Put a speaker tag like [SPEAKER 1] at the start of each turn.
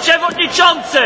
[SPEAKER 1] Przewodniczący!